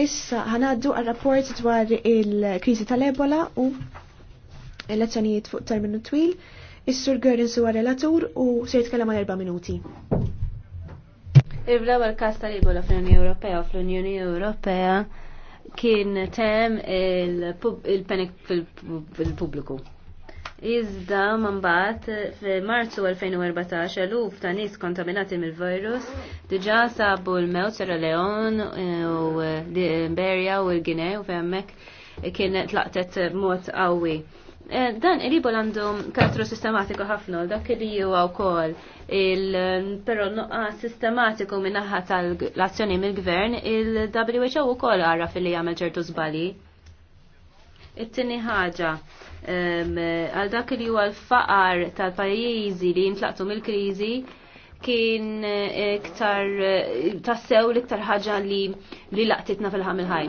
Issa ħanaddu għal rapport dwar il-kriżi tal-Ebola u elezzjonijiet fuq terminu twil. Is-Sur Görins huwa relatur u se jitkellem għal erba' minuti. Il-ewwel każ tal-Ebola fl-Unjoni Ewropea u fl-Unjoni Ewropea kien tem il-panik fil-pubbliku. Iżda mbagħad f'Marzu 2014 eluf ta' nies kontaminati mill-virus diġà sabu l-mewt Sierra Leone eh, u eh, eh, Liberia u l-Ginea u f'hemmhekk kien tlaqtet mot qawwi. Dan il-libol għandhom kastru sistematiku ħafna dak li huwa wkoll il-però nuqa' sistematiku minnaħħa tal-azzjoni mill-gvern il-WHO wkoll għarra fil-li jagħmel ċertu żbalji. It-tieni ħaġa għal dak li huwa l-faqar tal-pajjiżi li jintlaqtu mill-kriżi kien eh, iktar eh, tassew l-iktar ħaġa li li laqtitna fil-ħamil ħaj.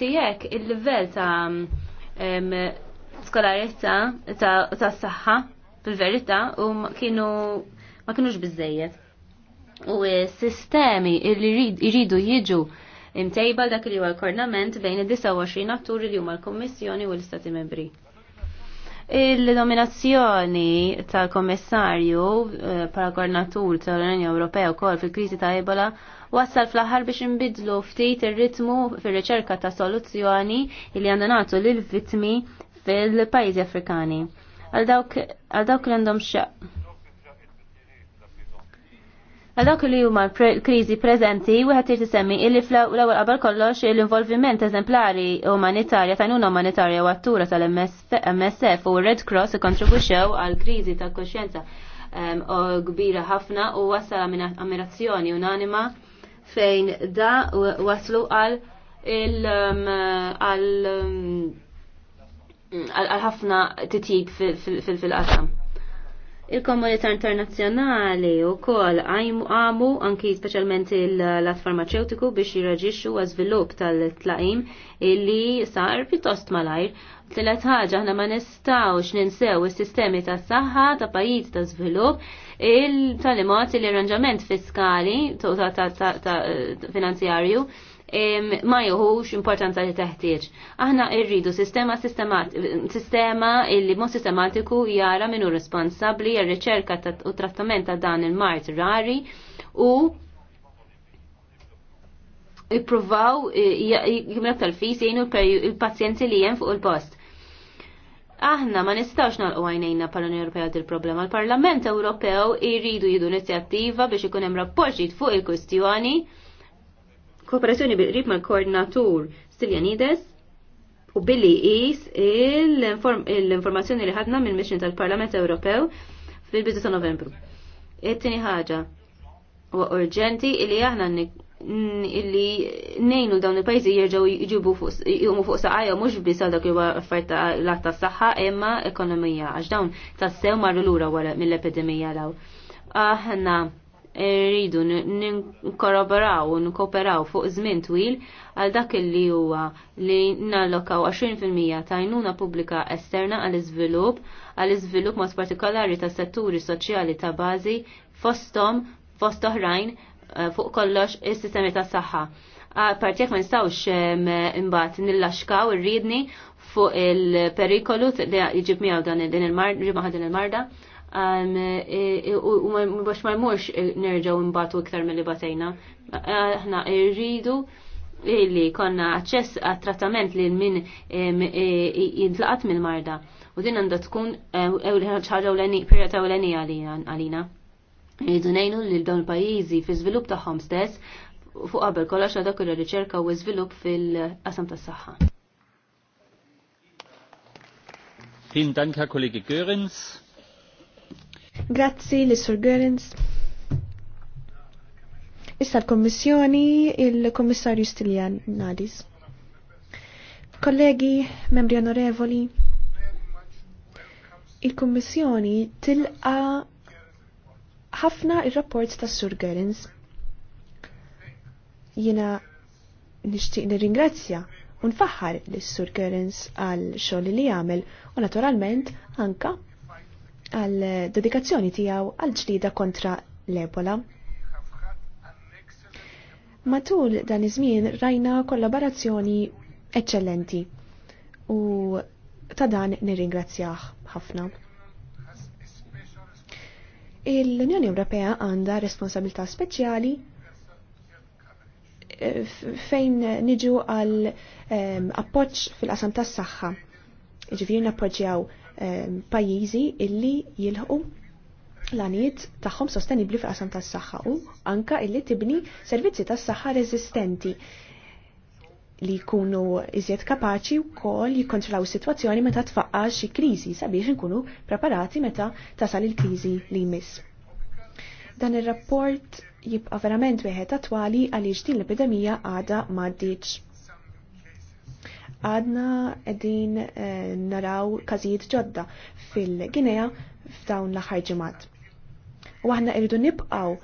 jekk il-livell ta' skolarizza ta' s-saħħa fil-verita u kienu ma kienux bizzejiet. U sistemi li jridu jiġu imtejba dak li huwa l-kornament bejn id-29 attur li huma l-Kummissjoni u l-Istati Membri. Il-nominazzjoni tal-Kommissarju eh, para Gornatur tal-Unjoni Ewropea wkoll fil-kriżi ta' Ebola wassal fl-aħħar biex inbidlu ftit ir-ritmu fir-riċerka ta' soluzzjoni li għandu nagħtu lil vittmi fil-pajjiżi Afrikani. Għal dawk l-għandhom xaq Għal dak li huma kriżi preżenti, wieħed irid semmi illi fl-ewwel qabel kollox l-involviment eżemplari umanitarja tajnuna umanitarja u għattura tal-MSF u Red Cross ikkontribwixxew għal kriżi ta' koxjenza kbira ħafna u wassal ammirazzjoni unanima fejn da waslu għal għal għal ħafna titib fil-qasam. Il-komunità internazzjonali u kol għamu anki specialment l atfarmaceutiku farmaceutiku biex jirraġiċu għazvilup tal-tlaqim illi sar pjuttost malajr. Tlet ħaġa ħna ma nistawx ninsew is-sistemi ta' saħħa ta' pajjiż ta' żvilupp il talimot il-arranġament fiskali ta' finanzjarju ma joħux importanza li teħtieġ. Aħna irridu sistema sistema illi mod sistematiku jara minu responsabbli għar-riċerka u trattament ta' dan il-mart rari u ippruvaw jimlek tal-fis jgħinu il-pazjenti li jen fuq il-post. Aħna ma nistawx nalqu għajnejna pal unjoni Ewropea il problema L-Parlament Ewropew jridu jidu inizjattiva biex ikun hemm rapporti fuq il-kwistjoni kooperazzjoni bil-qrib mal-koordinatur Stiljanides u billi jis l-informazzjoni li ħadna mill mission tal-Parlament Ewropew fil-bidu ta' Novembru. It-tieni ħaġa u urġenti li aħna illi nejnu dawn il-pajzi jirġaw jġibu jgħumu fuq saqajja mux biss għal dak huwa affajt l-atta saħħa imma ekonomija għax dawn tassew marru lura wara mill-epidemija law. Aħna ah, rridu ninkorroboraw u nkoperaw fuq żmien twil għal dak li huwa li nallokaw 20% ta' għajnuna pubblika esterna għal iżvilupp għal iżvilupp mod partikolari ta' setturi soċjali ta' bażi fostom fost oħrajn eh, fuq kollox is-sistemi ta' saħħa. Partijak ma nistawx imbagħad nillaxkaw irridni fuq il-perikolu li jġib miegħu dan il-marda E, e, u mux ma jmurx e, nerġaw imbatu iktar mill-li batejna. Aħna rridu li konna aċċess għat trattament li min jintlaqat mill-marda. U din għanda tkun ħaġa perjata ewleni għalina. Rridu nejnu li dawn il-pajizi fi zvilup tagħhom stess fuq qabel kollox għadak ir-riċerka u żvilupp fil-qasam tas-saħħa. Vielen Dank, Herr Kollege Görens. Grazzi li Sur Görens. Issa l-Kommissjoni, il-Kommissarju Stiljan Nadis. Kollegi, membri onorevoli, il-Kommissjoni tilqa ħafna il-rapport ta' Sur Gerins. Jina nishtiq nirringrazzja u nfaħħar li sur Gerins għal xogħol li jagħmel u naturalment anka għal dedikazzjoni tiegħu għal ġlida kontra l-Ebola. Matul dan iż-żmien rajna kollaborazzjoni eċċellenti u ta' dan nirringrazzjah ħafna. Il-Unjoni Ewropea għandha responsabilità speċjali eh, fejn niġu għal eh, appoġġ fil-qasam tas-saħħa. Ġifieri nappoġġjaw Eh, pajjiżi illi jilħqu l-għaniet tagħhom sostenibli fil-qasam tas-saħħa u anka illi tibni servizzi tas-saħħa reżistenti li jkunu iżjed kapaċi wkoll jikkontrollaw is-sitwazzjoni meta tfaqqax xi kriżi sabiex inkunu preparati meta tasal il-kriżi li jmiss. Dan ir-rapport jibqa' verament wieħed attwali għaliex din l-epidemija għadha m'għaddiċ għadna edin eh, naraw kazijiet ġodda fil-Ginea f'dawn l-aħħar ġimgħat. U aħna irridu nibqgħu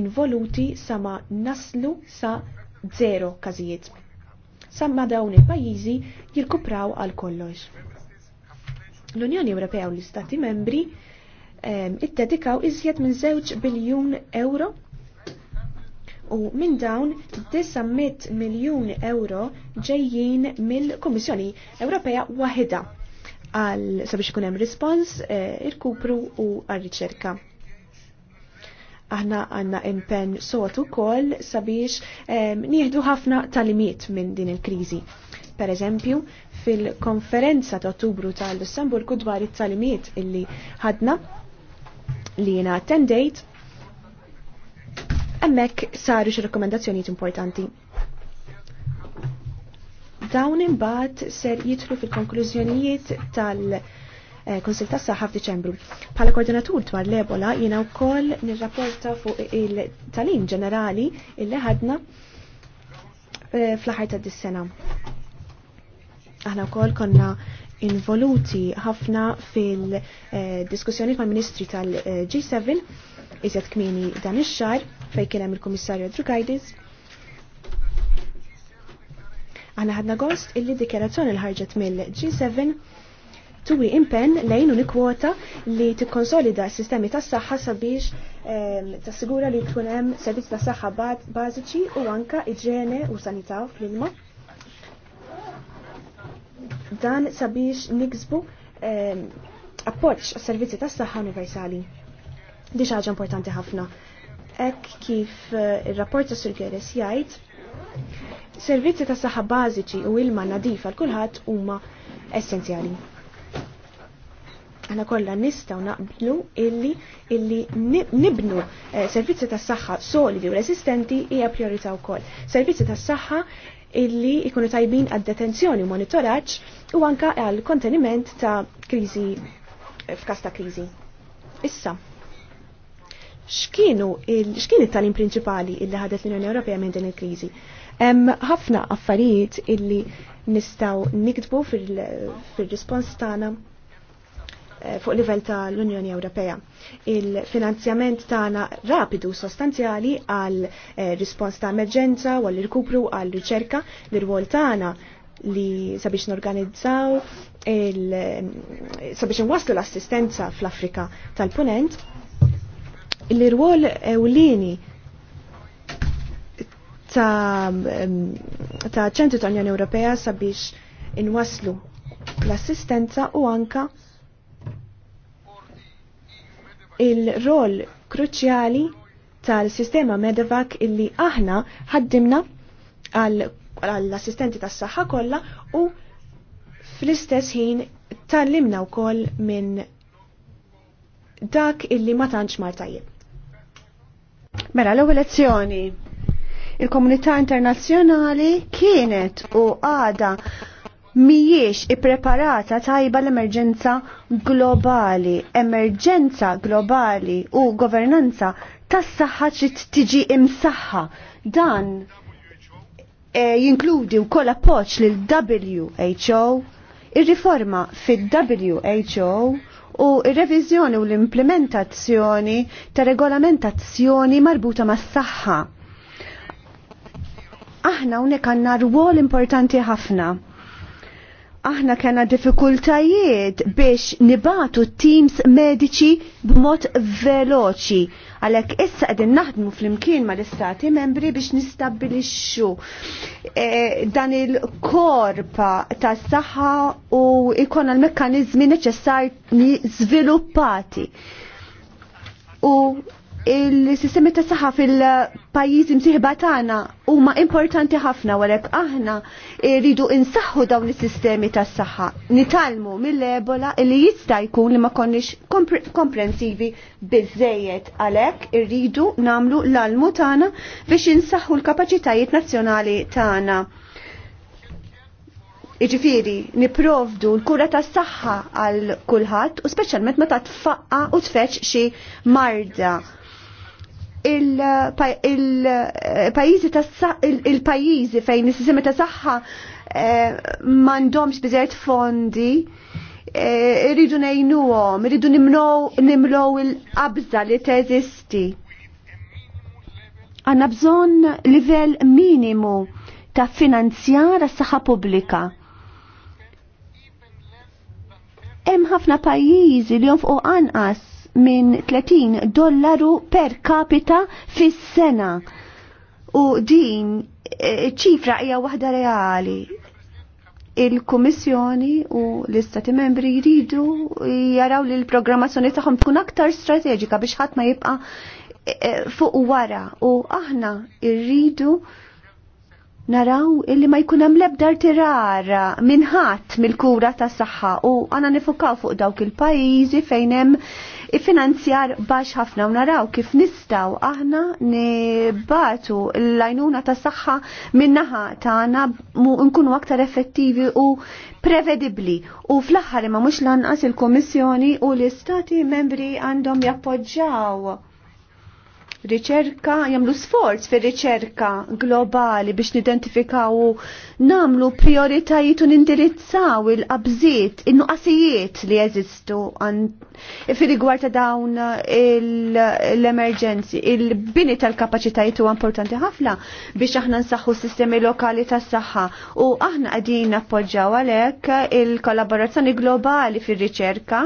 involuti sama naslu sa zero kazijiet. Samma dawn il-pajjiżi jirkupraw għal kollox. L-Unjoni Ewropea u l-Istati Membri eh, it-dedikaw iżjed minn 2 biljun euro u minn dawn 900 miljun euro ġejjin mill-Kummissjoni Ewropea waħda għal sabiex ikun hemm rispons, eh, irkupru u għal-riċerka. Aħna għanna impen sot ukoll sabiex eh, nieħdu ħafna talimiet minn din il-kriżi. Per eżempju, fil-konferenza ta' Ottubru tal-Lussemburgu dwar it-talimiet illi ħadna li jena attendejt emmek saru xi rekomendazzjonijiet importanti. Dawn imbagħad ser jitlu fil-konklużjonijiet tal- eh, Konsil tas saħħa f'Diċembru. Pala koordinatur dwar l-Ebola jiena wkoll nirrapporta fuq il-talim ġenerali illi ħadna eh, fl-aħħar ta' dis-sena. Aħna wkoll konna involuti ħafna fil-diskussjoni eh, mal-Ministri tal-G7 iżjed kmini dan ix-xar fej kien hemm il-Kummissarju Drugajdis. Aħna ħadna gost illi dikjarazzjoni li ħarġet mill-G7 tuwi impen lejn unikwota li tikkonsolida s-sistemi tas saħħa sabiex ehm, tassigura li tkun hemm servizz tas saħħa bażiċi u anka iġene u sanità fl-ilma. Dan sabiex niksbu ehm, appoġġ għas-servizzi tas saħħa universali. Di ħaġa importanti ħafna. Ek kif eh, il-rapport ta' Sir jajt, jgħid, servizzi ta' saħħa bażiċi u ilma nadifa l kulħadd huma essenzjali. Għana kollha nistgħu naqblu illi illi nibnu eh, servizzi ta' saħħa solidi u resistenti hija priorità wkoll. Servizzi ta' saħħa illi jkunu tajbin għad detenzjoni u monitoraġġ u anka għal konteniment ta' kriżi eh, f'każ ta' kriżi. Issa, xkienu xkien it-talim prinċipali illi ħadet l-Unjoni Ewropea minn din il-kriżi. Hemm ħafna affarijiet illi nistgħu nikdbu fir-rispons tagħna eh, fuq livell ta' l-Unjoni Ewropea. Il-finanzjament tagħna rapidu sostanzjali għal eh, rispons ta' emerġenza u għall-irkupru għal riċerka l-irwol tagħna li sabiex norganizzaw sabiex nwaslu l-assistenza fl-Afrika tal-Punent l-irwol ewlieni ta' ċentru tal-Unjoni Ewropea sabiex inwaslu l-assistenza u anka il-rol kruċjali tal-sistema Medevac illi aħna ħaddimna għall-assistenti tas saħħa kollha u fl-istess ħin tallimna wkoll minn dak illi ma tantx mar tajjeb. Mela l-ewwel elezzjoni. Il-komunità internazzjonali kienet u għada mijiex ippreparata tajba l-emerġenza globali, emerġenza globali u governanza tas saħħa trid tiġi imsaħħa. Dan e, jinkludi wkoll appoġġ lil WHO, ir-riforma fil-WHO u r-reviżjoni u l-implementazzjoni ta' regolamentazzjoni marbuta mas saħħa Aħna unek għanna rwol importanti ħafna. Aħna kena diffikultajiet biex nibatu teams mediċi b'mod veloċi Għalek issa għedin naħdmu fl-imkien ma l-istati membri biex nistabilixxu e, dan il-korpa ta' saħħa u ikon għal mekkanizmi ni sviluppati. U il-sistemi ta' saħħa fil-pajjiżi msieħba tagħna huma importanti ħafna għalhekk aħna rridu insaħħu dawn is-sistemi tas saħħa Nitalmu mill-ebola li jista' jkun li ma konniex komprensivi biżejjed għalhekk irridu nagħmlu l-almu tagħna biex insaħħu l-kapaċitajiet nazzjonali tagħna. Iġifiri, niprovdu l-kura ta' saħħa għal kulħadd u speċjalment meta tfaqqa u tfeċ xi marda Eh, il-pajizi il il fejn il sistema ta' saħħa eh, m'għandhomx biżejjed fondi eh, irridu nejnuhom, irridu nimlow il-qabża li teżisti. Għanna bżon livell minimu ta' finanzjar għas-saħħa pubblika. Hemm ħafna pajjiżi li fuq anqas minn 30 dollaru per capita fis-sena. U din e, ċifra hija waħda reali. Il-Kummissjoni u l-Istati Membri jridu jaraw li l-programmazzjoni tagħhom tkun aktar strateġika biex ħadd ma jibqa' e, e, fuq wara u aħna rridu naraw illi ma jkun hemm lebda tirara minħat mill-kura tas saħħa u għana nifukaw fuq dawk il-pajjiżi fejn hemm ifinanzjar baxx ħafna u naraw kif nistgħu aħna nibatu l-lajnuna tas saħħa min-naħa tagħna nkunu aktar effettivi u prevedibbli u fl-aħħar imma mhux lanqas il-Kummissjoni u l-Istati membri għandhom jappoġġjaw riċerka, jamlu sforz fir riċerka globali biex nidentifikaw namlu prioritajiet u nindirizzaw il-qabżiet, il nuqasijiet li jeżistu fi rigward dawn l-emerġenzi. Il-bini tal-kapacitajiet u importanti ħafna biex aħna nsaħħu s-sistemi lokali tas saħħa u aħna għadin appoġġaw għalhekk il-kollaborazzjoni globali fir riċerka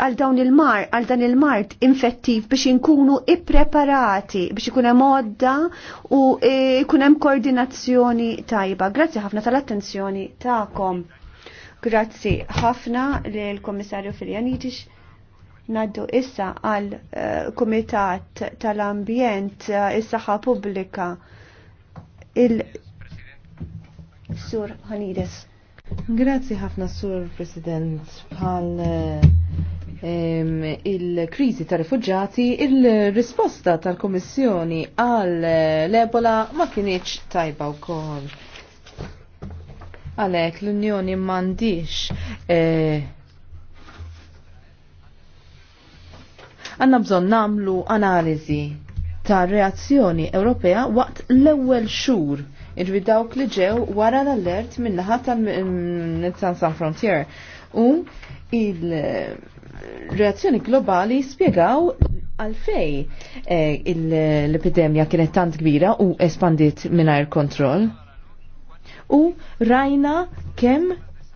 għal dawn il-mar, għal dan il-mart infettiv biex inkunu ippreparati, biex ikun hemm modda u e, ikun hemm koordinazzjoni tajba. Grazzi ħafna tal-attenzjoni tagħkom. Grazzi ħafna lill kommissarju Filjanitix. Naddu issa għal e, Kumitat tal-Ambjent e, is-Saħħa Pubblika il-Sur Hanides. Grazzi ħafna Sur President bħal il-krizi ta' rifugġati, il-risposta tal-Komissjoni għal eh, l-Ebola ma kienieċ tajba u kol. Għalek l-Unjoni mandiċ eh, għanna bżon namlu analizi ta' reazzjoni Ewropea waqt l-ewwel xur irri dawk li ġew wara l-allert minnaħat tal nizzan mm, San Frontier u il reazzjoni globali spiegaw għalfej eh, l-epidemja kienet tant kbira u espandit minar kontroll. U rajna kemm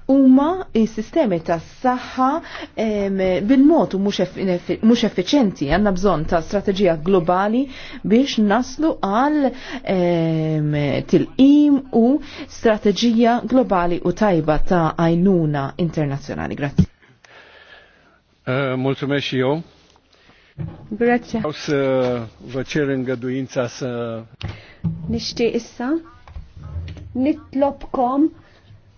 huma s-sistemi tas saħħa bil-mod u mhux effiċenti għandna bżonn ta' strateġija globali biex naslu għal tilqim u strateġija globali u tajba ta' għajnuna internazzjonali. Grazie. Uh, mulțumesc și eu. Grazie. Vreau să vă cer îngăduința să... Nishti issa, nitlobkom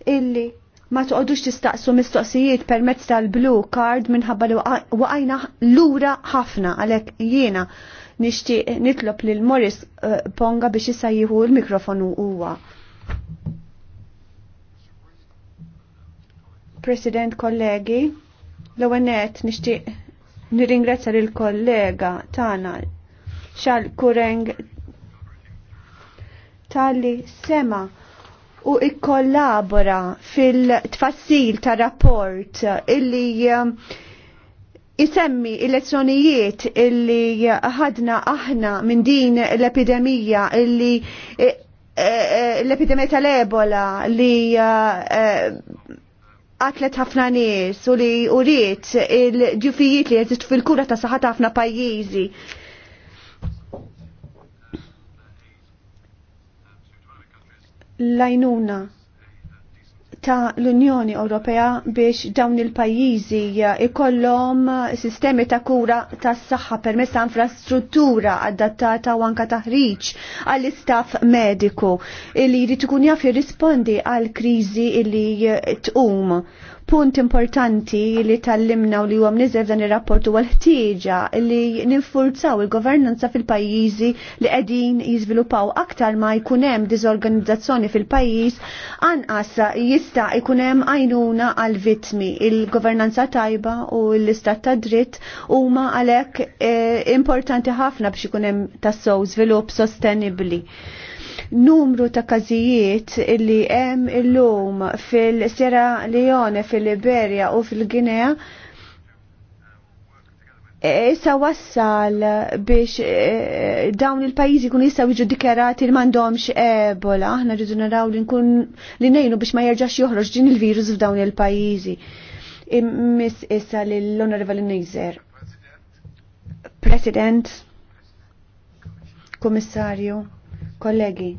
illi ma toqodux tistaqsu mistoqsijiet permezz tal-blue card minħabba li waqajna lura ħafna għalek jiena nixtieq nitlob lil Morris uh, Ponga biex issa jieħu l-mikrofonu huwa. President kollegi, L-għanet nishtiq nirringrazzar il-kollega tana xal kureng tali sema u ikkollabora fil-tfassil ta' rapport illi jisemmi um, il-lezzjonijiet illi ħadna aħna minn din l-epidemija illi eh, eh, l-epidemija tal-ebola li eh, Atlet ħafna nies u li uriet il-ġufijiet li jeżistu fil-kura ta' saħat ħafna pajjiżi. Lajnuna ta' l-Unjoni Ewropea biex dawn il-pajjiżi ikollhom sistemi ta' kura tas saħħa permessa ta' infrastruttura adattata u anka taħriġ għall-istaff mediku li jrid ikun jaf jirrispondi għal kriżi li tqum punt importanti li tal-limna u li huwa nizzer dan ir-rapport huwa l-ħtieġa li ninfurzaw il-governanza fil-pajjiżi li qegħdin jizvilupaw aktar ma jkun hemm diżorganizzazzjoni fil-pajjiż anqas jista' jkun hemm għajnuna għal vitmi. Il-governanza tajba u l-istat ta' dritt huma għalhekk eh, importanti ħafna biex ikun hemm zvilup sostenibli. sostenibbli numru ta' kazijiet li hemm illum fil-Sierra Leone, fil-Liberia u fil-Ginea e, Issa wassal biex e, dawn il-pajizi kun jissa jiġu dikjarati li mandomx ebola, aħna ġidu naraw li nkun li nejnu biex ma jerġax joħroġ din il-virus f'dawn il-pajizi. Miss issa l onorevoli Nizer. President, Komissarju. Kollegi,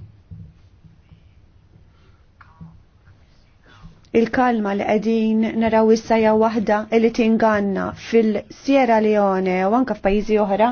il-kalma li qegħdin naraw issa hija waħda li tinganna fil-Sierra Leone u anka f'pajjiżi oħra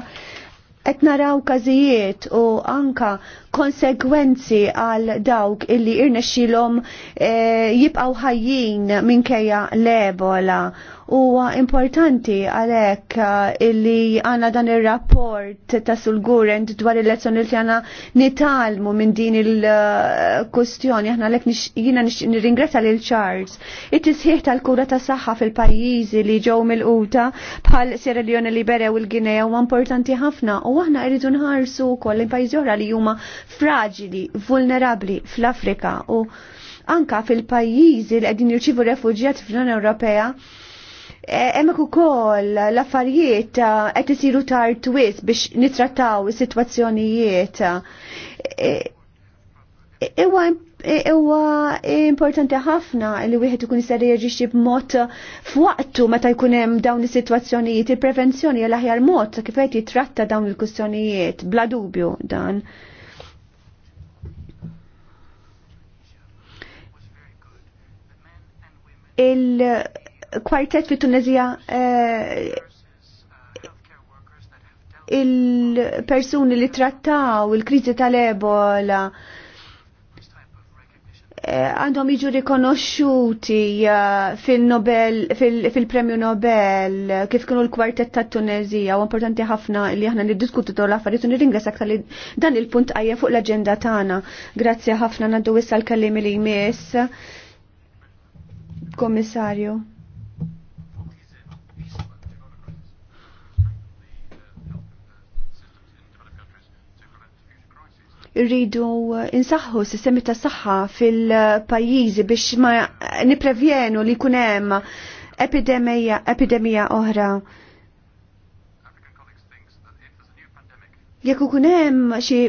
qed naraw każijiet u anka konsegwenzi għal dawk illi irnexxilhom e, jibqgħu ħajjin minkejja l-ebola Huwa importanti għalhekk uh, illi għandna dan ir-rapport ta' sul-gurent dwar il-lezzjoni li għandna nitalmu minn din il-kustjoni aħna għalhekk jiena nirringrazzja lil Charles. It-tisħiħ tal-kura ta' saħħa fil-pajjiżi li ġew mill-quta bħal Sierra Leone Libera u l-Ginea huwa importanti ħafna u aħna rridu nħarsu wkoll il-pajjiżi oħra li huma fraġili, vulnerabbli fl-Afrika u anka fil-pajjiżi li qegħdin jirċivu refuġjati fl-Unjoni Ewropea Emmek ukoll l-affarijiet qed isiru tard twis biex nitrattaw is-sitwazzjonijiet. Iwa e, e, Ewa importanti ħafna li wieħed ikun jista' reaġixxi b'mod f'waqtu meta jkun hemm dawn is-sitwazzjonijiet, il-prevenzjoni hija l aħjar mod kif qed jitratta dawn il-kwistjonijiet bla dubju dan. il kwartet fi Tunezija eh, il-persuni li trattaw il-krizi tal-ebola eh, għandhom jiġu rikonosciuti eh, fil-premju Nobel kif kienu l-kwartet ta' Tunezija u importanti ħafna li aħna niddiskutu dawn l-affarijiet u nirringrass li dan il-punt għajja fuq l agenda tagħna. Grazzi ħafna għandu wissa l kallim li jmiss. Komissarju. rridu insaħħu sistemi ta' saħħa fil-pajjiżi biex ma niprevjenu li kunem epidemija, epidemija oħra. Jekk ikun hemm xi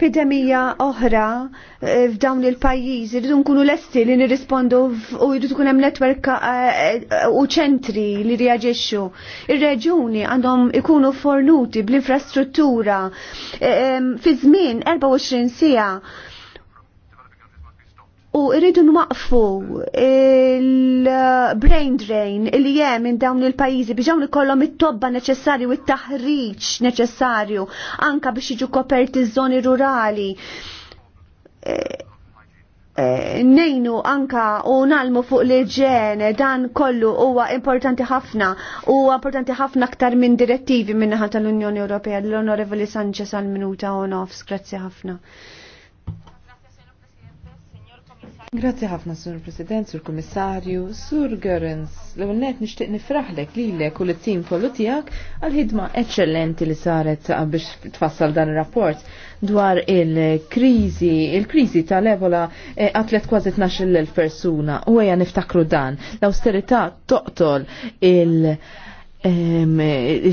epidemija oħra eh, f'dawn il-pajjiżi rridu nkunu lesti li nirrispondu u jridu tkun hemm netwerk eh, eh, u ċentri li reaġixxu. Ir-reġuni għandhom ikunu fornuti bl-infrastruttura fi żmien 24 siegħa u rridu nwaqfu il-brain drain li jem minn dawn il-pajizi biex dawn ikollhom it-tobba neċessarju u it-taħriġ neċessarju anka biex jiġu koperti żoni rurali. E, e, nejnu anka u nalmu fuq l-ġen dan kollu huwa importanti ħafna u importanti ħafna aktar minn direttivi minnaħat tal-Unjoni Ewropea l-Onorevoli Sanchez għal minuta u nofs, grazzi ħafna. Grazie ħafna, Sur President, Sur Komissarju, Sur Görens. L-għunnet nishtiq nifraħlek li l u l-tim kollu tijak għal-ħidma eccellenti li saret biex tfassal dan il-rapport dwar il-krizi, il-krizi tal-ebola għatlet eh, kważi 12.000 persuna u għajja niftakru dan. L-austerità toqtol il- ehm,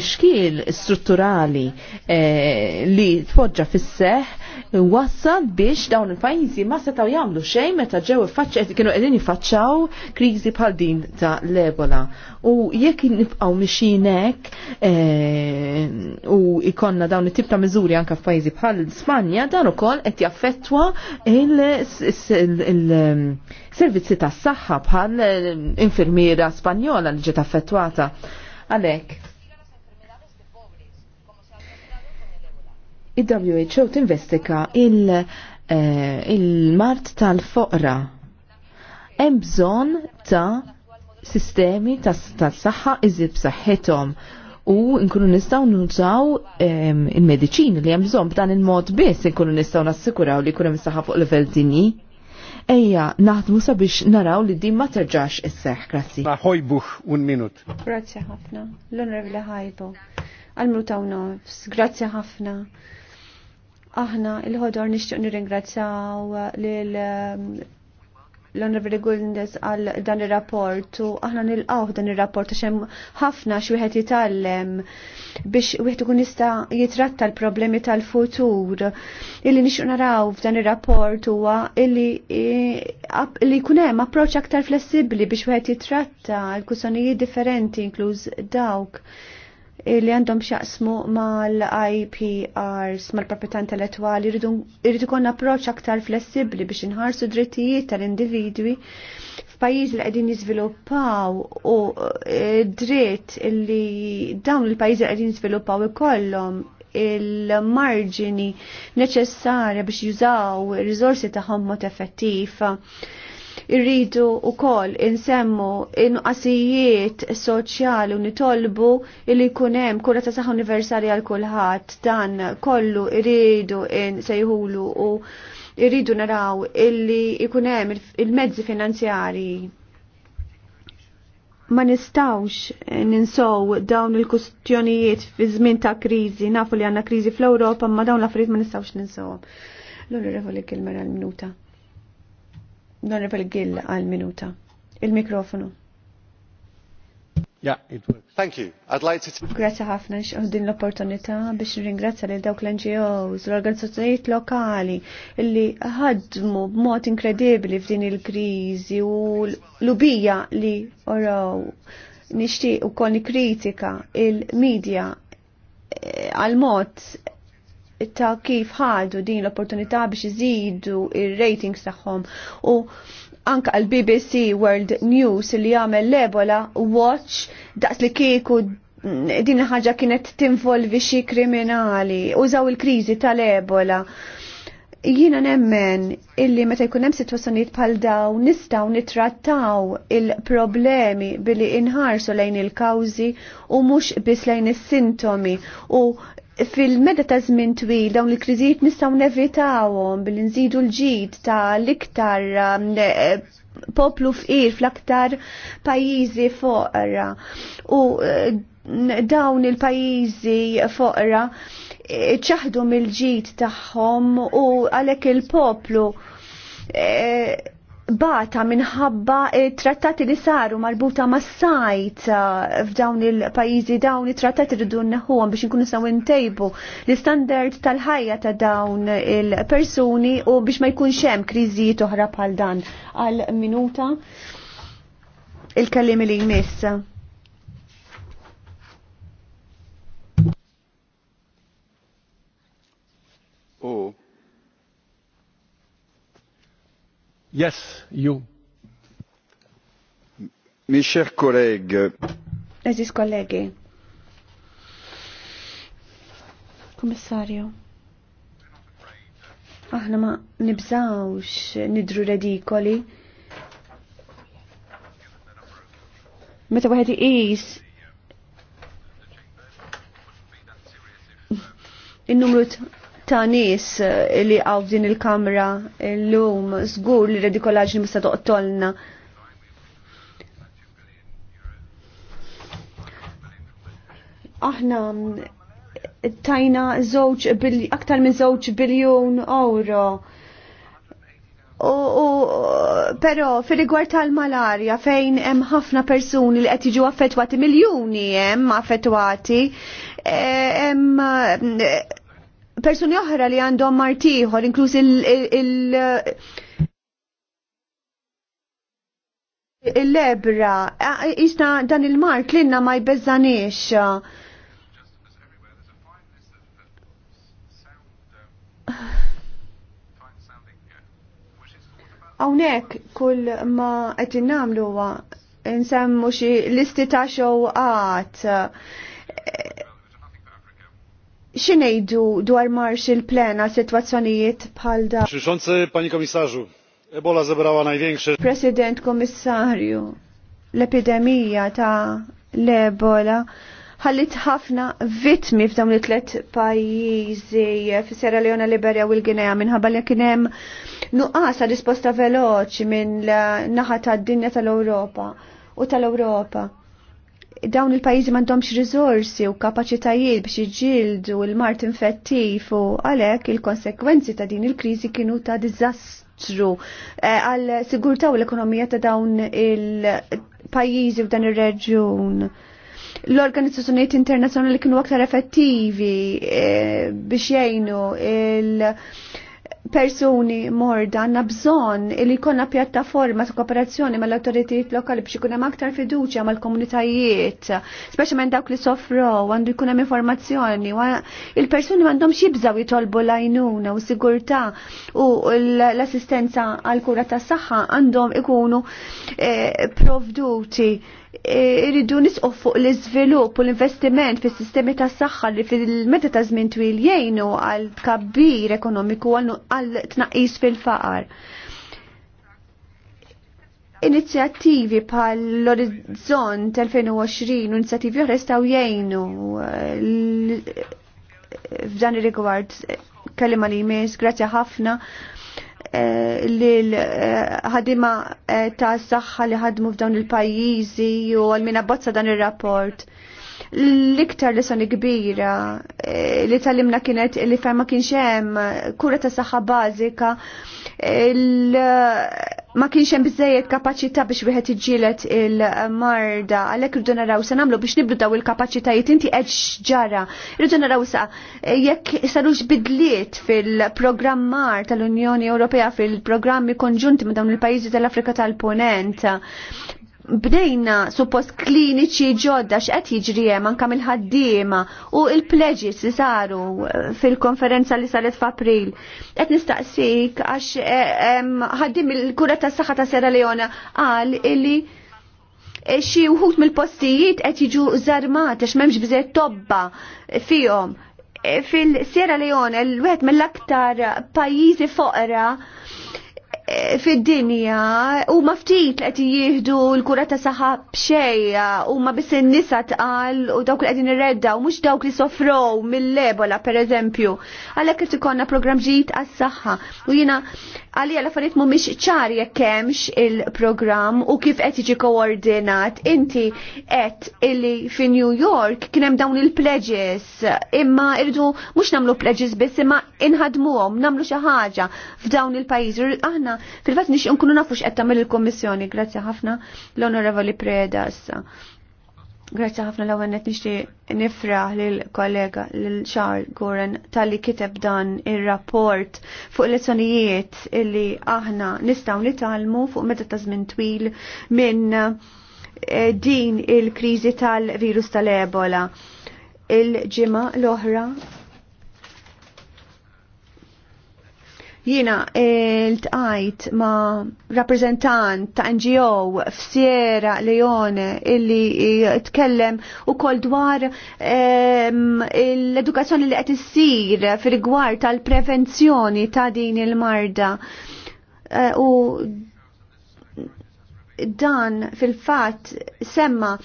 xkiel strutturali eh, li tfoġġa fis-seħ wassal biex dawn il-pajjiżi ma setgħu jagħmlu xejn meta ġew qed kienu qegħdin jifaċċaw kriżi bħal din ta' l-Ebola. U jekk nibqgħu mixinek eh, u ikonna dawn it-tip ta' miżuri anke f'pajjiżi bħal Spanja dan ukoll qed jaffettwa il-servizzi tas-saħħa bħal eh, infirmiera Spanjola li ġiet affettwata. Għalhekk il-WHO tinvestika eh, il-mart tal-foqra. Hemm bżonn ta' sistemi tas-saħħa iżib b'saħħithom u nkunu nistaw nużaw ehm, il-medicin li hemm bżonn b'dan il-mod biss nkunu nistaw nassikuraw li hemm saħħa fuq level dinji. Ejja, naħdmu sabiex naraw li din ma terġax is-seħħ, grazzi. Ma ħojbuħ un minut. Grazzi ħafna, l-onrevli ħajbu. Għal-mutaw nofs, grazzi ħafna. Aħna il-ħodor nixtieq nirringrazzaw lil um, l-Onorevoli Gundes għal dan ir-rapport u aħna nilqgħu dan ir-rapport għax ħafna xi wieħed biex wieħed ikun jista' jitratta l-problemi tal-futur. Illi nixtieq naraw f'dan ir-rapport huwa illi li jkun hemm approċċ aktar flessibbli biex wieħed jitratta l-kussjonijiet differenti inkluż dawk li għandhom xaqsmu mal-IPRs, mal-proprietà intellettuali, irridu kon approċ aktar flessibli biex inħarsu drittijiet tal-individwi f'pajjiżi li qegħdin jiżviluppaw u e, dritt li dawn il-pajjiżi li qegħdin jiżviluppaw ikollhom il-marġini neċessarja biex jużaw ir-riżorsi tagħhom mod effettiv irridu u kol insemmu inqasijiet soċjali u nitolbu illi kunem kura ta' saħħa universali għal kulħadd dan kollu irridu sejhulu u irridu naraw illi ikunem il-mezzi finanzjari ma nistawx ninsow dawn il-kustjonijiet fi żmien ta' kriżi, nafu li għandna kriżi fl-Ewropa, ma dawn l-affarijiet ma nistawx ninsow. l li Kilmer għal-minuta. Honorable Gill għal minuta. Il-mikrofonu. Yeah, it works. Thank you. I'd like to... Grazie ħafna din l-opportunità biex ringrazzja li dawk l-NGOs, l-organizzazzjonijiet lokali li ħadmu b'mod inkredibbli f'din il-kriżi u l-ubija li oraw nixtieq ukoll kritika il-medja eh, għal-mod ta' kif ħadu din l-opportunità biex iżidu ir-ratings tagħhom u anka l BBC World News li jagħmel l-Ebola Watch daqs li kieku din ħaġa kienet tinvolvi xi kriminali użaw il-kriżi tal-Ebola Jiena nemmen illi meta jkun hemm sitwazzjonijiet bħal dawn nistgħu nittrattaw il-problemi billi inħarsu lejn il-kawżi u mhux biss lejn is-sintomi u fil-meda ta' żmien twil dawn il-kriżijiet nistgħu nevitawhom billi nżidu l-ġid ta' l-iktar um, eh, poplu fqir fl-aktar pajjiżi foqra. U eh, dawn il-pajjiżi foqra eh, ċaħdu mill-ġid tagħhom u għalhekk il-poplu bata minħabba trattati li saru marbuta ma' sajt eh, f'dawn il-pajizi dawn it-trattati rridu neħuhom biex nkunu saw intejbu l-istandard tal-ħajja ta' dawn il-persuni u biex ma jkunx hemm kriżijiet oħra bħal dan għal minuta il-kallim li jmiss. U oh. Yes, you. Mes chers collègues. Aziz kollegi. Kommissarju. Aħna ma nibżawx nidru redikoli. Meta wieħed is il numru ta' nis eh, li għaw din il-kamra l-lum zgur li redikolaġni mista toqtolna. Aħna mm, tajna zoċ aktar minn zoċ biljon euro. U, u però fil-rigward tal-malarja fejn hemm ħafna persuni li qed jiġu affettwati miljuni hemm affettwati eh, hemm persuni oħra li għandhom martiħor, inkluż il- il-lebra, jisna dan il-mart l-inna ma jbezzanix. Awnek kull ma għetin namlu nsemmu xie listi ta' xowqat Xinejdu dwar marx il-plena situazzjonijiet bħal da? Xixonce, pani komisarzu, Ebola zebrawa największe. President komissarju, l-epidemija ta' l-Ebola ħallit ħafna vitmi f'dawn it tlet pajjiżi f'Sierra Leona, Liberia u l-Ginea minħabba li kien hemm nuqqasa risposta veloċi minn naħa tad-dinja tal-Ewropa u tal-Ewropa dawn il-pajizi mandomx rizorsi u kapacitajiet biex iġildu il-mart infettif u għalek il-konsekwenzi ta' din il-krizi kienu ta' dizastru eh, għal e, sigurta u l-ekonomija ta' dawn il-pajizi u dan il-reġjun. L-organizzazzjonijiet internazzjonali kienu aktar effettivi eh, biex jgħinu il- persuni morda għanna bżon li konna pjattaforma ta' kooperazzjoni mal autoritiet lokali biex ikun hemm aktar fiduċja mal-komunitajiet, speċjalment dawk li sofrow għandu jkun hemm informazzjoni, il-persuni m'għandhomx jibżaw jitolbu lajnuna u sigurtà u l-assistenza għal kura tas saħħa għandhom ikunu eh, provduti irridu nisqof fuq l-iżvilupp u l-investiment fis sistemi tas saħħa li fil-meta ta' żmien twil jgħinu għal tkabbir ekonomiku għal tnaqqis fil-faqar. Inizjattivi bħal l-Orizzont 2020 u inizjattivi oħra jistgħu jgħinu eh, f'dan ir-rigward kelima li jmiss, grazzi ħafna Eh, l-ħadima eh, eh, ta' s-saxħa li ħadmu f'dawn il-pajizi u għal-mina bozza dan il-rapport. L-iktar lesoni kbira eh, li talimna kienet li fejn ma kienx hemm kura ta' saħħa bażika, ma kienx hemm biżejjed kapaċità biex wieħed iġġielet il-marda, għalhekk irridu naraw se nagħmlu biex nibdu daw il-kapaċitajiet inti qed ġara. Irridu naraw sa jekk sarux bidliet fil-programmar tal-Unjoni Ewropea fil-programmi konġunti ma' dawn il-pajjiżi tal-Afrika tal-Ponent bdejna suppost kliniċi ġodda x'qed jiġri hemm anke mill-ħaddiema u l-pledges li saru eh, fil-konferenza li saret f'April. Qed nistaqsik għax eh, ħaddim il-kura tas-saħħa ta' Sierra Leona qal illi eh, xi wħud mill-postijiet qed jiġu żarmat għax m'hemmx biżejjed tobba fihom. Fil-Sierra Leone l-wieħed mill-aktar pajjiżi foqra fid-dinja u ftit qed jieħdu l-kura ta' saħħa b'xejja u ma biss in-nisa tqal u dawk li qegħdin irredda u mhux dawk li sofrow mill-ebola pereżempju. Għalhekk qed ikollna programm ġid għas-saħħa u jiena għalija l-affarijiet mhumiex ċari jekk hemmx il-programm u kif qed jiġi koordinat. Inti qed illi fi New York kien hemm dawn il-pledges imma irdu mhux nagħmlu pledges biss imma inħadmuhom nagħmlu xi ħaġa f'dawn il-pajjiżi aħna fil-fatt nix unkunu nafu x'qed tagħmel il-Kommissjoni. Grazzi ħafna l-Onorevoli Preda issa. Grazzi ħafna l għennet nixti nifraħ l-kollega l-Charles Goren tal-li kiteb dan il-rapport fuq lezzjonijiet illi aħna nistaw nitalmu fuq meta ta' żmien twil minn eh, din il-kriżi tal-virus tal-Ebola. Il-ġimgħa l-oħra Jiena eh, il-tqajt ma' rappresentant ta' NGO f'Sierra Leone illi tkellem u kol dwar ehm, l-edukazzjoni li qed issir fir tal-prevenzjoni ta' din il-marda. Eh, u dan fil-fat semma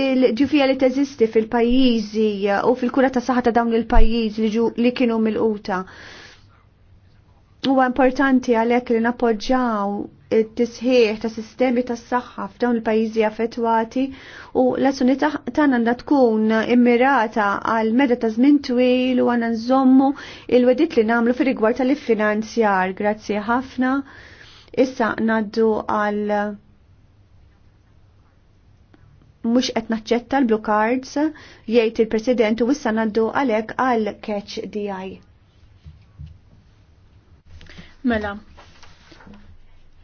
il-ġufija li teżisti fil-pajizi u fil-kura ta' saħħa ta' dawn il pajizi li kienu mil quta Huwa importanti għalhekk li nappoġġjaw it-tisħiħ ta' sistemi tas saħħa f'dawn il-pajjiżi affettwati u l-azzjoni tagħna għandha tkun immirata għal meda ta' żmien twil u għandna nżommu il-wedit li nagħmlu fir-rigward tal-iffinanzjar. Grazzi ħafna. Issa ngħaddu għal mhux qed naċċetta l-blue cards jgħid il-President u issa ngħaddu għalhekk għal catch DI. Mela,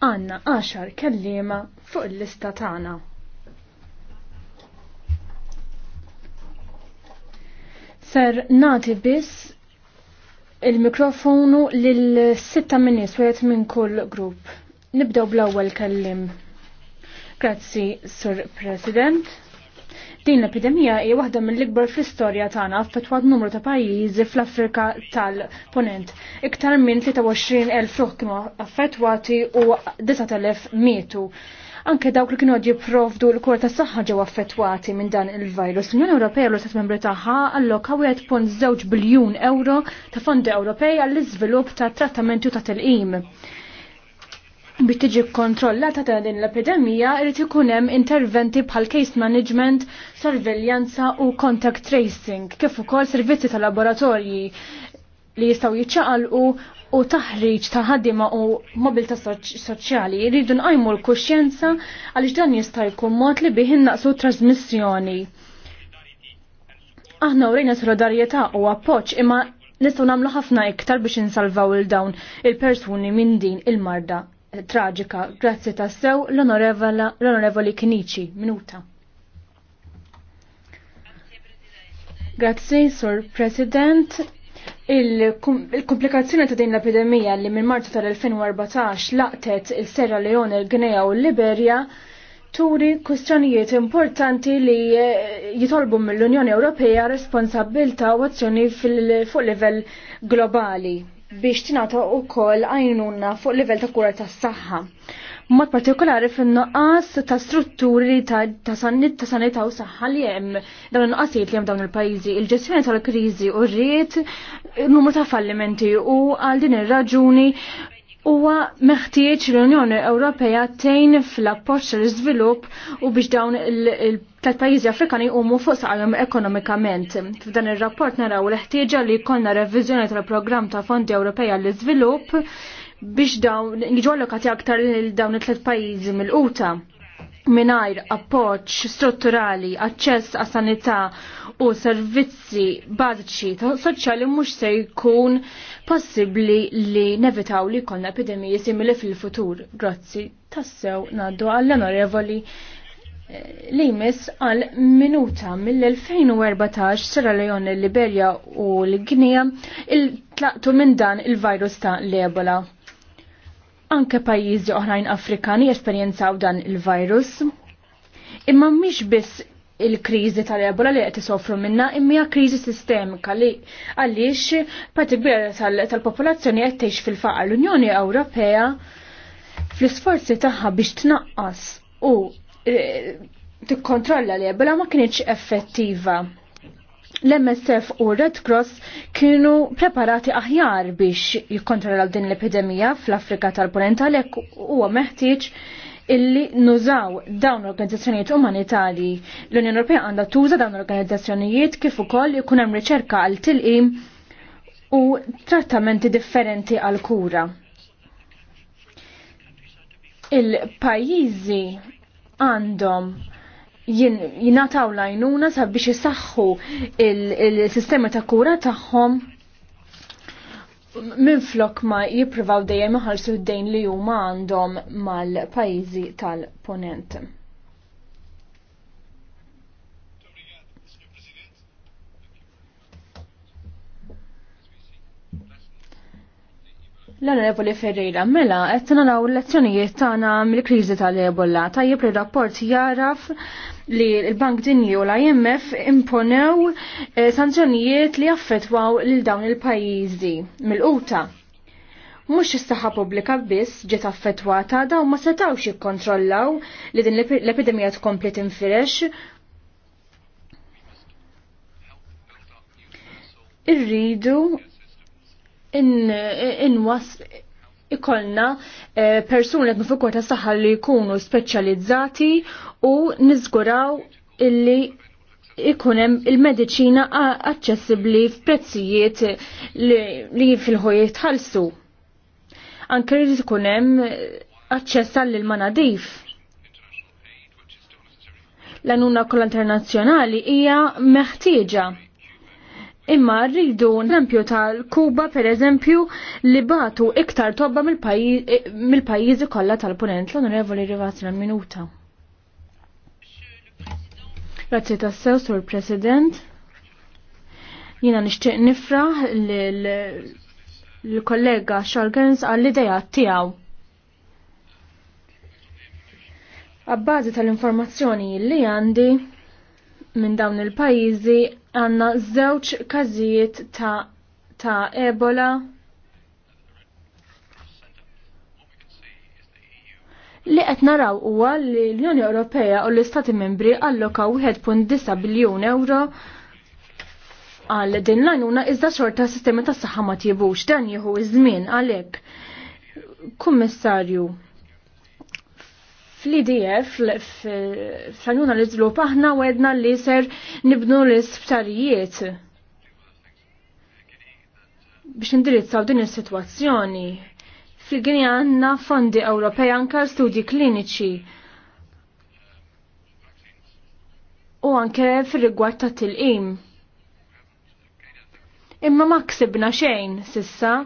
għanna għaxar kellima fuq il-lista tagħna. Ser nati biss il-mikrofonu lil sitta minnis wieħed minn kull grupp. Nibdew bl-ewwel kellim. Grazzi, Sur President. Din l-epidemija hija waħda mill-ikbar fl-istorja tagħna f'petwad numru ta' pajjiżi fl-Afrika tal-Ponent. Iktar minn 23,000 ruħ kienu affettwati u 9,000 mietu. Anke dawk li kienu jipprovdu l kur ta' saħħa ġew affettwati minn dan il-virus. L-Unjoni Ewropea u l-Istat Membri tagħha allokaw 1.2 biljun euro ta' fondi Ewropej għall-iżvilupp ta' trattamenti u ta' telqim biex tiġi kontrollata ta' din l-epidemija irid ikun hemm interventi bħal case management, sorveljanza u contact tracing, kif ukoll servizzi ta' laboratorji li jistgħu jiċċaqalqu u taħriġ ta' ħaddiema u mobilta soċjali jridu nqajmu l-kuxjenza għaliex dan jista' jkun mod li bih innaqsu trasmissjoni. Aħna urejna solidarjetà u appoġġ imma nistgħu nagħmlu ħafna iktar biex insalvaw il dawn il-persuni minn din il-marda traġika. Grazzi tassew l-onorevoli Kinici. Minuta. Grazzi, Sur President. Il-komplikazzjoni ta' din l-epidemija li minn Martu tal-2014 laqtet il-Serra Leone, il-Gnea u l-Liberja turi kwistjonijiet importanti li eh, jitolbu mill-Unjoni Ewropea responsabilta u azzjoni fuq livell globali biex tinata u kol għajnuna fuq livell ta' kura ta' s-saħħa. Mod partikolari fin-nuqqas ta' strutturi ta' sanit ta' ta' u saħħa li hemm dawn il-nuqqasijiet li hemm dawn il-pajjiżi, il-ġestjoni tal-kriżi u rrit, numru ta' fallimenti u għal din ir-raġuni huwa meħtieġ l-Unjoni Ewropea tejn fl-appoġġ l-iżvilupp u biex dawn tal-pajjiżi Afrikani huma fuq saqajhom ekonomikament. F'dan ir-rapport naraw l-ħtieġa li jkollna reviżjoni tal-programm ta' Fondi Ewropea l-Iżvilupp biex dawn jiġu allokati aktar lil dawn it-tliet pajjiżi mill-quta minajr appoċ strutturali, aċċess għas sanità u servizzi bażiċi soċjali mhux se jkun possibbli li nevitaw li jkollna epidemiji simili fil-futur. Grazzi, tassew naddu għall-onorevoli eh, li jmiss għal minuta mill-2014 Sierra Leone, Liberia u l-Gnija il-tlaqtu minn dan il-virus ta' l-Ebola. Anke pajjiżi oħrajn Afrikani jesperjenzaw dan il-virus. Imma mhix biss il-kriżi tal-ebola li qed isofru minna imma hija kriżi sistemika li għaliex parti kbira tal-popolazzjoni qed tgħix fil-faqar l-Unjoni Ewropea fl-isforzi tagħha biex tnaqqas u eh, tikkontrolla l-ebola ma kienx effettiva l-MSF u Red Cross kienu preparati aħjar biex jikkontrollaw din l-epidemija fl-Afrika tal-Ponent għalhekk huwa meħtieġ illi nużaw dawn l-organizzazzjonijiet umanitali L-Unjoni Ewropea għandha tuża dawn l-organizzazzjonijiet kif ukoll ikun hemm riċerka għal tilqim u trattamenti differenti għal kura. Il-pajjiżi għandhom jinnataw lajnuna sabiex jisaxħu il-sistema ta' kura tagħhom minn flok ma jipprivaw dejjem iħarsu d-dejn li huma għandhom mal-pajjiżi tal-ponent. L-Onorevoli Ferreira, mela, qed naraw l-lezzjonijiet tagħna mill-kriżi tal-Ebola. Tajjeb ir-rapport jaraf li l-Bank Dinji u l-IMF imponew eh, sanzjonijiet li affetwaw lil dawn il-pajjiżi mill-quta. Mhux is-saħħa pubblika biss ġiet affettwata dawn ma setgħux jikkontrollaw li din l-epidemija tkompli tinfirex irridu in, in, in ikolna eh, persuni għednu fuq ta' saħħa li jkunu speċjalizzati u niżguraw illi ikunem il-medicina aċċessibbli f'prezzijiet li fil-ħojiet ħalsu. Anke li tkunem aċċess l manadif l-għanuna kol internazjonali hija meħtieġa Imma rridu nempju tal-Kuba per eżempju li batu iktar tobba eh, mill-pajjiżi kollha tal-Punent l-Onorevoli Rivazzi minuta. Grazzi tassew sur President. Jina nixtieq nifraħ l-kollega Shargens għall-ideja tiegħu. Abbażi tal-informazzjoni li għandi, minn dawn il-pajjiżi għanna żewġ każijiet ta', ta Ebola. Li qed naraw huwa li l-Unjoni Ewropea u l-Istati Membri allokaw 1.9 biljun euro għal din l-għanuna iżda xorta sistemi tas saħħa ma tjibux dan jieħu iż-żmien għalhekk. Kummissarju, fl-IDF, fl-għanuna l paħna u wedna li ser nibnu l-isptarijiet biex indirizzaw din is-sitwazzjoni. Fil-Gini għanna fondi Ewropej anka studji kliniċi u anke fil-rigward ta' tilqim. Imma ma ksibna xejn sissa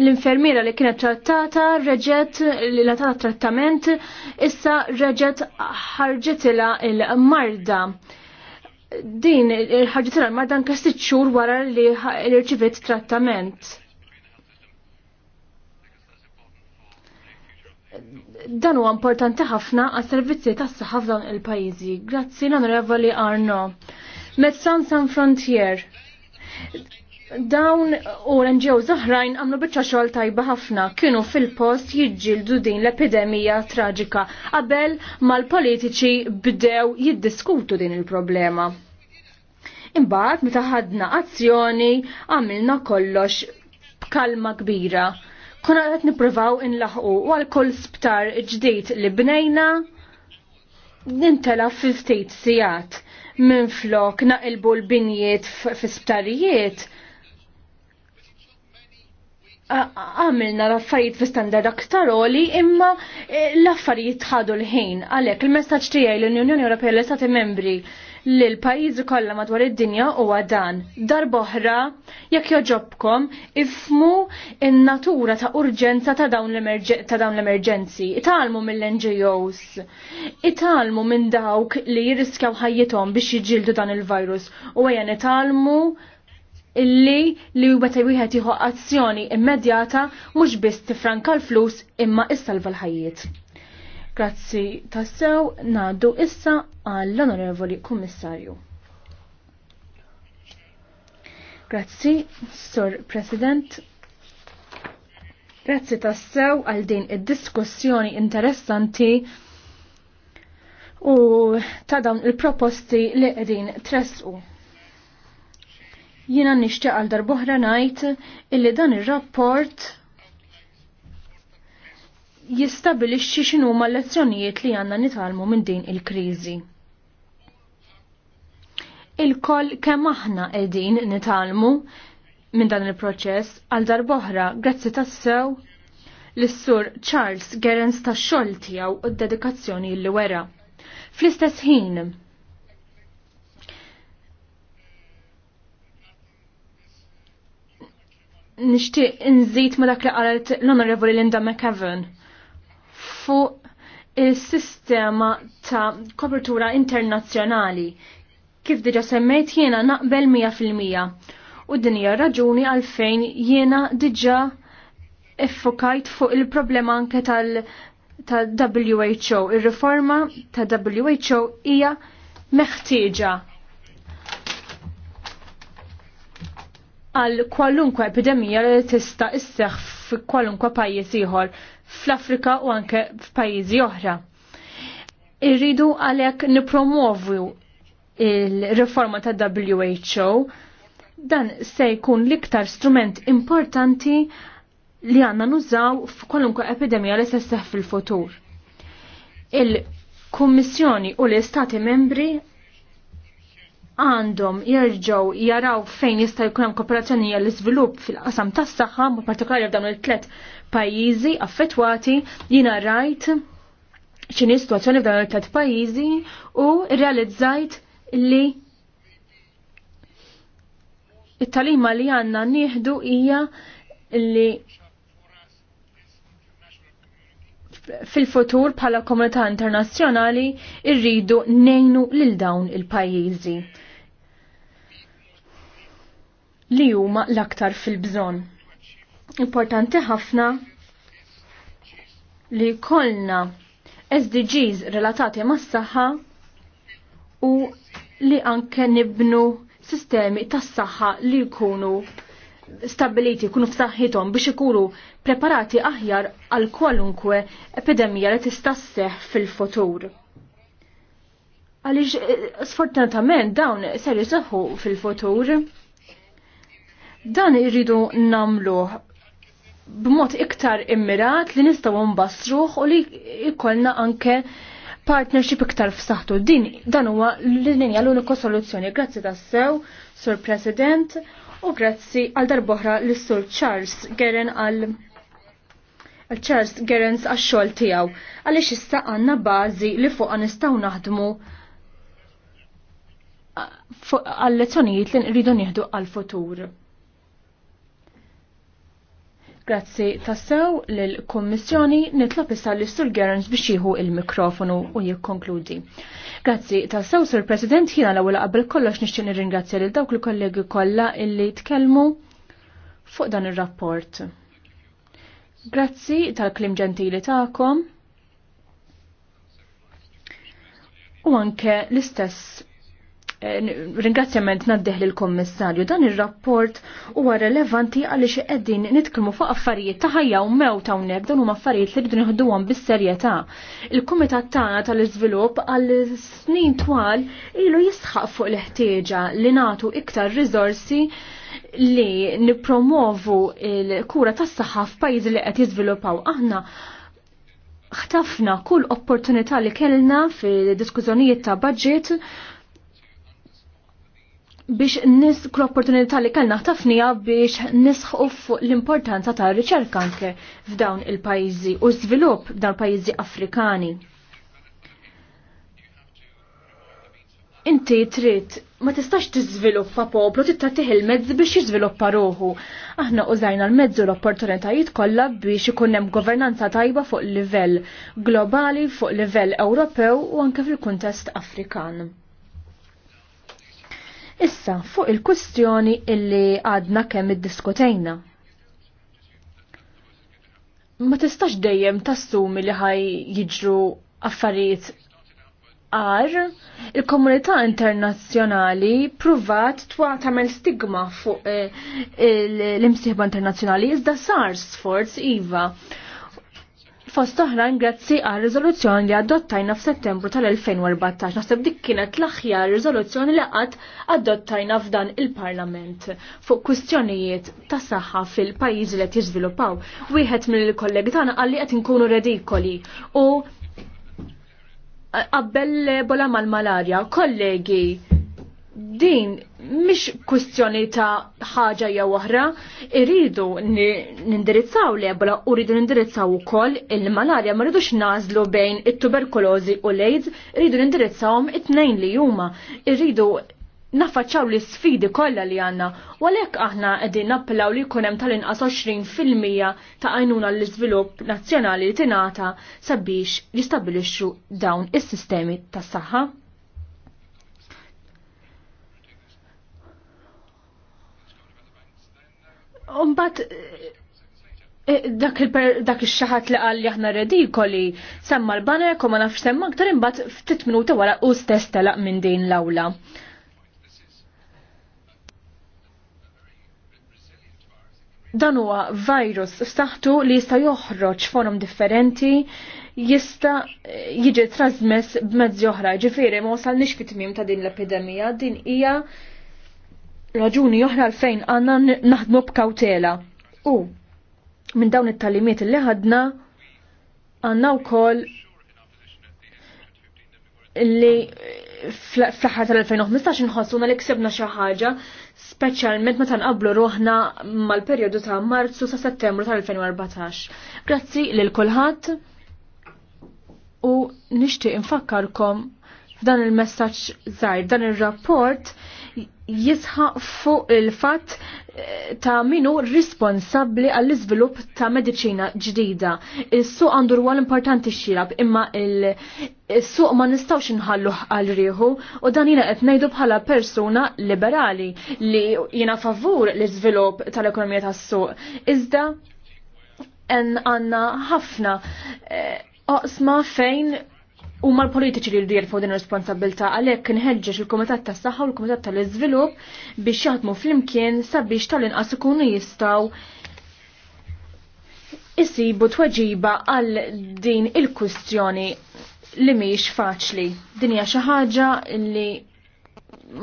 l-infermiera li kienet trattata reġet li la trattament issa reġet ħarġitila il-marda. Din il ħarġitila il-marda anka sitxur wara li rċivit trattament. Dan huwa importanti ħafna għas servizzi tas-saħħa f'dawn il-pajjiżi. Grazzi l-Onorevoli Arno. Medsan San Frontier Dawn u NGOs zaħrajn għamlu bieċa xogħol tajba ħafna kienu fil-post jiġġieldu din l-epidemija traġika qabel mal-politiċi bdew jiddiskutu din il-problema. Imbagħad meta ħadna azzjoni għamilna kollox b'kalma kbira. Kuna qed nippruvaw inlaħqu u għal kull sptar ġdid li bnejna nintela fil-ftit sijat minn flok naqilbu l-binjiet fi sptarijiet għamilna l-affarijiet fi standard aktar oli imma e, l-affarijiet ħadu l-ħin. Għalek, il-messagġ tiegħi l-Unjoni Ewropea l estati Membri li l-pajjiżi kollha madwar id-dinja huwa dan. Darboħra, jekk joġobkom, ifmu in-natura ta' urġenza ta' dawn l-emerġenzi. Italmu mill-NGOs, italmu minn dawk li jirriskjaw ħajjithom biex jiġildu dan il-virus u għajan italmu illi li meta wieħed jieħu azzjoni immedjata mhux biss tifranka l-flus imma issalva l-ħajjiet. Grazzi tassew ngħaddu issa għall-Onorevoli Kummissarju. Grazzi, Sur President. Grazzi tassew għal din id-diskussjoni interessanti u ta' dawn il-proposti li qegħdin tresqu jina nishtiq għal darbohra ngħid illi dan ir-rapport jistabilixxi x'inhuma l-lezzjonijiet li għandna nitalmu minn din il-kriżi il-koll kemm aħna qegħdin nitalmu minn dan il-proċess għal darboħra grazzi tassew l-sur Charles Gerens tax xogħol tiegħu u d-dedikazzjoni li wera. Fl-istess ħin, nixtieq inżid ma dak li qalet l-Onorevoli Linda McEvan fuq il-sistema ta' kopertura internazzjonali kif diġa semmejt jiena naqbel 100% u din hija raġuni għalfejn jiena diġa effokajt fuq il-problema anke tal ta' WHO. Il-riforma ta' WHO hija meħtieġa għal kwalunkwe epidemija li tista' isseħ f'kwalunkwe pajjiż ieħor fl-Afrika u anke f'pajjiżi oħra. Irridu għalhekk nipromovu il-riforma ta' WHO dan se jkun l-iktar strument importanti li għanna nużaw f'kwalunkwe epidemija li se fil-futur. Il-Kummissjoni u l-Istati membri għandhom jerġgħu jaraw fejn jista' jkun hemm kooperazzjoni għall iżvilupp fil-qasam tas-saħħa, ma partikolari f'dawn it-tlet pajjiżi affettwati jiena rajt x'inhi situazzjoni f'dawn it-tlet pajjiżi u rrealizzajt li it-talima li għandna nieħdu hija li fil-futur bħala komunità internazzjonali irridu nejnu lil dawn il-pajjiżi li huma l-aktar fil-bżonn. Importanti ħafna li kollna SDGs relatati ma' s-saħħa u li anke nibnu sistemi tas-saħħa li jkunu stabiliti kunu f'saħħithom biex ikunu preparati aħjar għal kwalunkwe epidemija li tista' sseħħ fil-futur. Għaliex eh, sfortunatament dawn ser jisaħħu fil-futur. Dan irridu namlu b'mod iktar immirat li nistgħu nbassruh u li jkollna anke partnership iktar f'saħħtu. Din dan huwa l-linja l uniku soluzzjoni. Grazzi tassew, Sur President, u grazzi għal darboħra lis sur Charles Geren għal Charles Gerens għax xogħol tiegħu għaliex issa għandna bażi li fuqha nistgħu naħdmu għal lezzjonijiet li nridu nieħdu għal futur. Grazzi tassew l-Kommissjoni nitlob issa l Sur Gerens biex jieħu il-mikrofonu u jikkonkludi. Grazzi tassew Sur President jiena l-ewwel qabel kollox nixtieq nirringrazzja lil dawk il-kollegi kollha illi tkellmu fuq dan ir-rapport. Grazzi tal-klim ġentili tagħkom. U anke l-istess ringrazzjament naddeħ lil kommissarju dan ir-rapport huwa relevanti għaliex qegħdin nitkellmu fuq affarijiet ta' ħajja u mew ta' hawnhekk dan huma affarijiet li rridu nieħduhom bis-serjetà. Il-Kumitat tagħna tal-Iżvilupp għal snin twal ilu jisħaq fuq l-ħtieġa li nagħtu iktar riżorsi li nipromovu il-kura tas-saħħa f'pajjiżi li qed jiżviluppaw aħna ħtafna kull opportunità li kellna fil-diskużjonijiet ta' budget biex nisk l-opportunità li kellna tafnija biex nisħu fuq l-importanza ta' riċerka anke f'dawn il-pajjiżi u żvilupp dawn pajjiżi Afrikani. Inti trid ma tistax tiżviluppa poplu trid tagħtih il-mezzi biex jiżviluppa ruħu. Aħna użajna l-mezzu l-opportunitajiet kollha biex ikun hemm governanza tajba fuq livell globali, fuq livell Ewropew u anke fil-kuntest Afrikan. Issa fuq il-kustjoni illi għadna kemm iddiskutejna. Ma tistax dejjem tassumi li ħaj jiġru affarijiet għar, il-komunità internazzjonali pruvat twa tamel stigma fuq eh, l-imsieħba internazzjonali iżda sar sforz iva fost oħrajn grazzi għal riżoluzzjoni li adottajna f'Settembru tal-2014. Naħseb dik kienet l-aħjar riżoluzzjoni li qatt adottajna f'dan il-Parlament fuq kwistjonijiet ta' saħħa fil-pajjiżi li qed jiżviluppaw. Wieħed mill-kollegi tagħna qal li qed inkunu redikoli u qabel bola mal-malarja, kollegi din mish kwistjoni ta' ħaġa jew oħra, irridu nindirizzaw l-ebola u rridu nindirizzaw ukoll il-malarja ma rridux nażlu bejn it tuberkulozi u l-AIDS, irridu nindirizzawhom it-tnejn li huma, irridu naffaċċaw l sfidi kollha li għandna u għalhekk aħna qegħdin nappellaw li jkun hemm tal-inqas 20% ta' għajnuna l-iżvilupp nazzjonali li tingħata sabiex jistabilixxu dawn is-sistemi tas-saħħa. Umbat eh, eh, dak il-xaħat li għal jahna redikoli semma l-baner ma nafx semma ktar imbat ftit minuta wara u stess telaq minn din l-awla. Dan huwa virus saħtu li jista' joħroġ forum differenti jista jiġi trasmess b'mezzi oħra. Ġifieri ma wasalniex fit-tmiem ta' din l-epidemija, din hija raġuni oħra l-fejn għanna naħdmu b'kawtela. U minn dawn it-talimiet li ħadna għanna wkoll li fl-ħar tal-2015 nħossuna li ksebna xi ħaġa speċjalment meta ruħna mal-perjodu ta' Marzu sa' Settembru tal-2014. Grazzi lil kulħadd u nixtieq infakkarkom f'dan il-messaġġ zaħir, dan ir-rapport il jisħaq fuq il-fatt eh, ta' minu responsabli għall iżvilupp ta' medicina ġdida. Is-suq għandu rwal importanti xirab, imma il-suq ma nistawx nħallu għal rieħu u dan jina qed ngħidu bħala persuna liberali li jina favur l-iżvilupp tal-ekonomija tas-suq. Iżda għanna ħafna eh, oqsma fejn huma l-politiċi li rridu jerfgħu din ir-responsabilità għalhekk inħeġġeġ il-Kumitat tas-Saħħa u l-Kumitat tal-Iżvilupp biex jaħdmu flimkien sabiex tal-inqas ikunu jistgħu isibu tweġiba għal din il-kwistjoni li mhijiex faċli. Din hija xi ħaġa li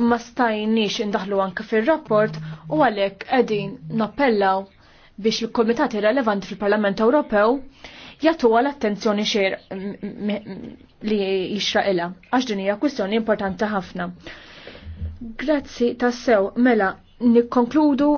ma stajniex indaħlu anke fir-rapport u għalhekk qegħdin nappellaw biex il kumitati relevanti fil-Parlament Ewropew jattu l-attenzjoni xer li jixraqilha għax din hija kwistjoni importanti ħafna. Grazzi tassew mela nikkonkludu